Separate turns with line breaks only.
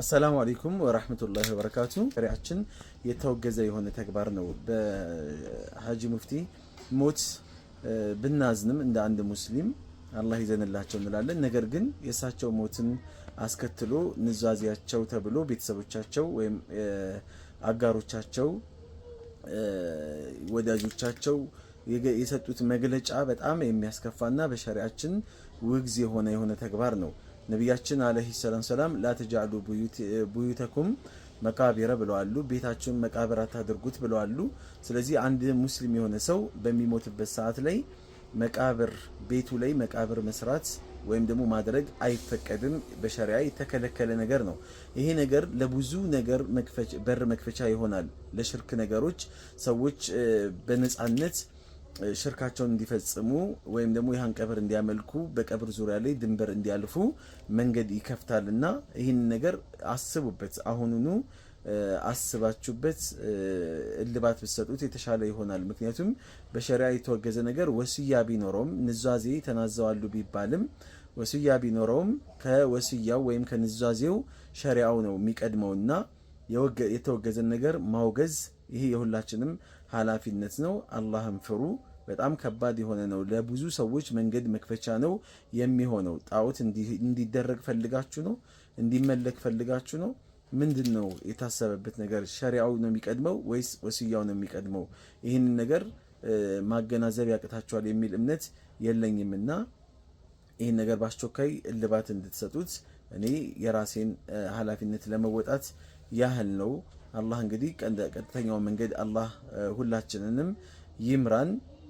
አሰላሙ አለይኩም ወራህመቱላሂ ወበረካቱ። ሪያችን የተወገዘ የሆነ ተግባር ነው። በሀጂ ሙፍቲ ሞት ብናዝንም እንደ አንድ ሙስሊም አላህ ይዘንላቸው እንላለን። ነገር ግን የእሳቸው ሞትን አስከትሎ ንዛዜያቸው ተብሎ ቤተሰቦቻቸው ወይም አጋሮቻቸው፣ ወዳጆቻቸው የሰጡት መግለጫ በጣም የሚያስከፋና በሸሪያችን ውግዝ የሆነ የሆነ ተግባር ነው። ነቢያችን አለይሂ ሰላም ሰላም ላተጃሉ ቡዩተኩም መቃብረ ብለዋሉ። ቤታችሁን መቃብር አታድርጉት ብለዋሉ። ስለዚህ አንድ ሙስሊም የሆነ ሰው በሚሞትበት ሰዓት ላይ መቃብር ቤቱ ላይ መቃብር መስራት ወይም ደግሞ ማድረግ አይፈቀድም። በሸሪያ የተከለከለ ነገር ነው። ይሄ ነገር ለብዙ ነገር በር መክፈቻ ይሆናል። ለሽርክ ነገሮች ሰዎች በነፃነት ሽርካቸውን እንዲፈጽሙ ወይም ደግሞ ይህን ቀብር እንዲያመልኩ በቀብር ዙሪያ ላይ ድንበር እንዲያልፉ መንገድ ይከፍታልና ይህን ነገር አስቡበት። አሁኑኑ አስባችሁበት እልባት ብሰጡት የተሻለ ይሆናል። ምክንያቱም በሸሪያ የተወገዘ ነገር ወስያ ቢኖረውም ንዛዜ ተናዘዋሉ ቢባልም ወስያ ቢኖረውም ከወስያው ወይም ከንዛዜው ሸሪያው ነው የሚቀድመውና የተወገዘን ነገር ማውገዝ ይሄ የሁላችንም ኃላፊነት ነው። አላህን ፍሩ። በጣም ከባድ የሆነ ነው። ለብዙ ሰዎች መንገድ መክፈቻ ነው የሚሆነው። ጣዖት እንዲደረግ ፈልጋችሁ ነው? እንዲመለክ ፈልጋችሁ ነው? ምንድን ነው የታሰበበት ነገር? ሸሪያው ነው የሚቀድመው ወይስ ወስያው ነው የሚቀድመው? ይህንን ነገር ማገናዘብ ያቅታችኋል የሚል እምነት የለኝምና ይህን ነገር በአስቸኳይ እልባት እንድትሰጡት እኔ የራሴን ኃላፊነት ለመወጣት ያህል ነው። አላህ እንግዲህ ቀጥተኛው መንገድ አላህ ሁላችንንም ይምራን።